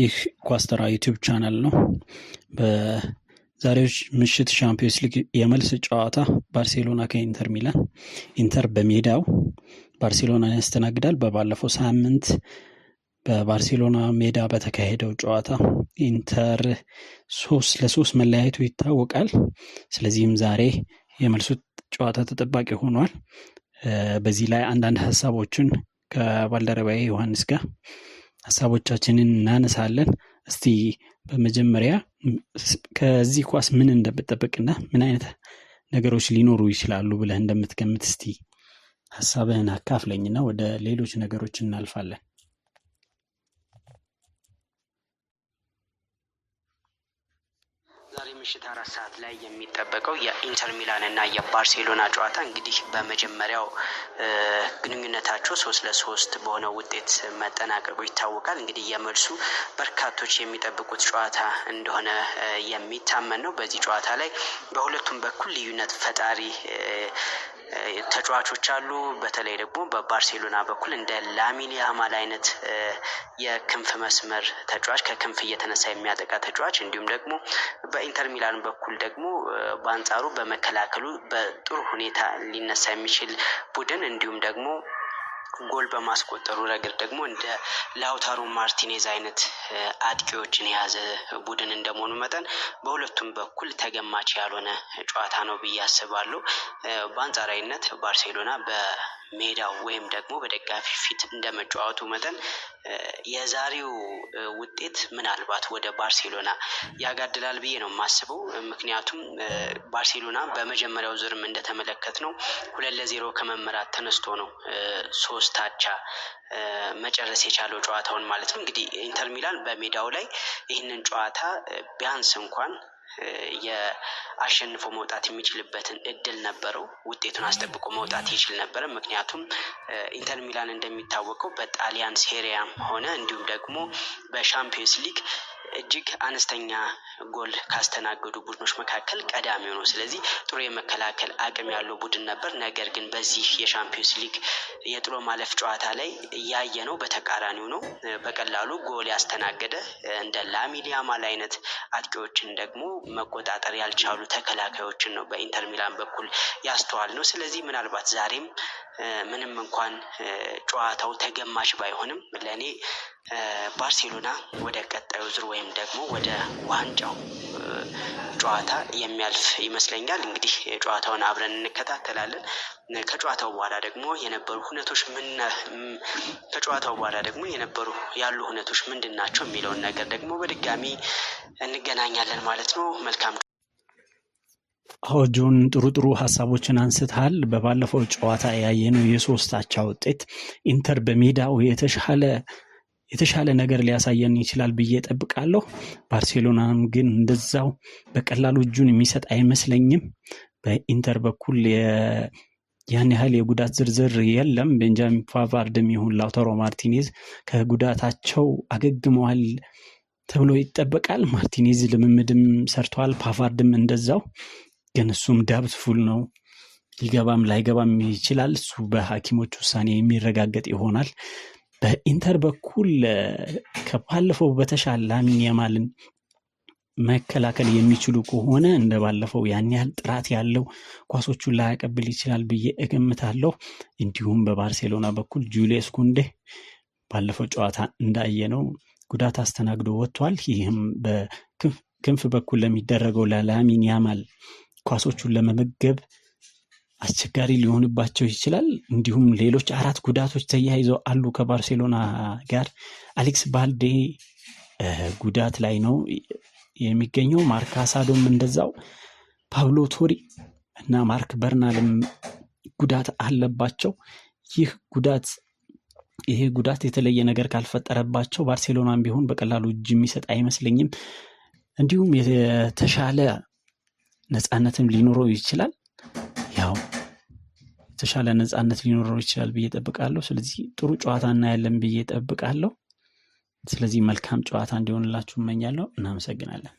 ይህ ኳስተራ ዩቲዩብ ቻናል ነው። በዛሬዎች ምሽት ሻምፒዮንስ ሊግ የመልስ ጨዋታ ባርሴሎና ከኢንተር ሚላን፣ ኢንተር በሜዳው ባርሴሎና ያስተናግዳል። በባለፈው ሳምንት በባርሴሎና ሜዳ በተካሄደው ጨዋታ ኢንተር ሶስት ለሶስት መለያየቱ ይታወቃል። ስለዚህም ዛሬ የመልሱ ጨዋታ ተጠባቂ ሆኗል። በዚህ ላይ አንዳንድ ሀሳቦችን ከባልደረባዬ ዮሐንስ ጋር ሀሳቦቻችንን እናነሳለን። እስቲ በመጀመሪያ ከዚህ ኳስ ምን እንደምጠበቅና ምን አይነት ነገሮች ሊኖሩ ይችላሉ ብለህ እንደምትገምት እስቲ ሀሳብህን አካፍለኝና ወደ ሌሎች ነገሮች እናልፋለን። ዛሬ ምሽት አራት ሰዓት ላይ የሚጠበቀው የኢንተር ሚላን እና የባርሴሎና ጨዋታ እንግዲህ በመጀመሪያው ግንኙነታቸው ሶስት ለሶስት በሆነ ውጤት መጠናቀቁ ይታወቃል። እንግዲህ የመልሱ በርካቶች የሚጠብቁት ጨዋታ እንደሆነ የሚታመን ነው። በዚህ ጨዋታ ላይ በሁለቱም በኩል ልዩነት ፈጣሪ ተጫዋቾች አሉ። በተለይ ደግሞ በባርሴሎና በኩል እንደ ላሚን ያማል አይነት የክንፍ መስመር ተጫዋች ከክንፍ እየተነሳ የሚያጠቃ ተጫዋች እንዲሁም ደግሞ በኢንተር ሚላን በኩል ደግሞ በአንጻሩ በመከላከሉ በጥሩ ሁኔታ ሊነሳ የሚችል ቡድን እንዲሁም ደግሞ ጎል በማስቆጠሩ ረገድ ደግሞ እንደ ላውታሮ ማርቲኔዝ አይነት አጥቂዎችን የያዘ ቡድን እንደመሆኑ መጠን በሁለቱም በኩል ተገማች ያልሆነ ጨዋታ ነው ብዬ አስባለሁ። በአንጻራዊነት ባርሴሎና በ ሜዳው ወይም ደግሞ በደጋፊ ፊት እንደመጫወቱ መጠን የዛሬው ውጤት ምናልባት ወደ ባርሴሎና ያጋድላል ብዬ ነው የማስበው። ምክንያቱም ባርሴሎና በመጀመሪያው ዙርም እንደተመለከት ነው ሁለት ለዜሮ ከመመራት ተነስቶ ነው ሶስት አቻ መጨረስ የቻለው ጨዋታውን ማለት ነው። እንግዲህ ኢንተር ሚላን በሜዳው ላይ ይህንን ጨዋታ ቢያንስ እንኳን አሸንፎ መውጣት የሚችልበትን እድል ነበረው። ውጤቱን አስጠብቆ መውጣት ይችል ነበረ። ምክንያቱም ኢንተር ሚላን እንደሚታወቀው በጣሊያን ሴሪያም ሆነ እንዲሁም ደግሞ በሻምፒዮንስ ሊግ እጅግ አነስተኛ ጎል ካስተናገዱ ቡድኖች መካከል ቀዳሚው ነው። ስለዚህ ጥሩ የመከላከል አቅም ያለው ቡድን ነበር። ነገር ግን በዚህ የሻምፒዮንስ ሊግ የጥሎ ማለፍ ጨዋታ ላይ እያየ ነው በተቃራኒው ነው። በቀላሉ ጎል ያስተናገደ እንደ ላሚን ያማል አይነት አጥቂዎችን ደግሞ መቆጣጠር ያልቻሉ ተከላካዮችን ነው በኢንተር ሚላን በኩል ያስተዋል ነው። ስለዚህ ምናልባት ዛሬም ምንም እንኳን ጨዋታው ተገማች ባይሆንም ለእኔ ባርሴሎና ወደ ቀጣዩ ዙር ወይም ደግሞ ወደ ዋንጫው ጨዋታ የሚያልፍ ይመስለኛል። እንግዲህ ጨዋታውን አብረን እንከታተላለን። ከጨዋታው በኋላ ደግሞ የነበሩ ሁነቶች ከጨዋታው በኋላ ደግሞ የነበሩ ያሉ ሁነቶች ምንድን ናቸው የሚለውን ነገር ደግሞ በድጋሚ እንገናኛለን ማለት ነው። መልካም አዎ ጆን ጥሩ ጥሩ ሀሳቦችን አንስተሃል። በባለፈው ጨዋታ ያየነው የሶስት አቻ ውጤት ኢንተር በሜዳው የተሻለ የተሻለ ነገር ሊያሳየን ይችላል ብዬ ጠብቃለሁ። ባርሴሎናም ግን እንደዛው በቀላሉ እጁን የሚሰጥ አይመስለኝም። በኢንተር በኩል ያን ያህል የጉዳት ዝርዝር የለም። ቤንጃሚን ፓቫርድም ይሁን ላውታሮ ማርቲኔዝ ከጉዳታቸው አገግመዋል ተብሎ ይጠበቃል። ማርቲኔዝ ልምምድም ሰርተዋል፣ ፓቫርድም እንደዛው። ግን እሱም ዳብት ፉል ነው። ሊገባም ላይገባም ይችላል። እሱ በሐኪሞች ውሳኔ የሚረጋገጥ ይሆናል። በኢንተር በኩል ከባለፈው በተሻለ ላሚን ያማልን መከላከል የሚችሉ ከሆነ እንደ ባለፈው ያን ያህል ጥራት ያለው ኳሶቹን ላያቀብል ይችላል ብዬ እገምታለሁ። እንዲሁም በባርሴሎና በኩል ጁልስ ኩንዴ ባለፈው ጨዋታ እንዳየነው ጉዳት አስተናግዶ ወጥቷል። ይህም በክንፍ በኩል ለሚደረገው ለላሚን ያማል ኳሶቹን ለመመገብ አስቸጋሪ ሊሆንባቸው ይችላል። እንዲሁም ሌሎች አራት ጉዳቶች ተያይዘው አሉ ከባርሴሎና ጋር። አሌክስ ባልዴ ጉዳት ላይ ነው የሚገኘው፣ ማርክ አሳዶም እንደዛው፣ ፓብሎ ቶሪ እና ማርክ በርናልም ጉዳት አለባቸው። ይህ ጉዳት ይሄ ጉዳት የተለየ ነገር ካልፈጠረባቸው ባርሴሎናም ቢሆን በቀላሉ እጅ የሚሰጥ አይመስለኝም። እንዲሁም የተሻለ ነፃነትም ሊኖረው ይችላል። ያው የተሻለ ነፃነት ሊኖረው ይችላል ብዬ ጠብቃለሁ። ስለዚህ ጥሩ ጨዋታ እናያለን ብዬ ጠብቃለሁ። ስለዚህ መልካም ጨዋታ እንዲሆንላችሁ እመኛለሁ። እናመሰግናለን።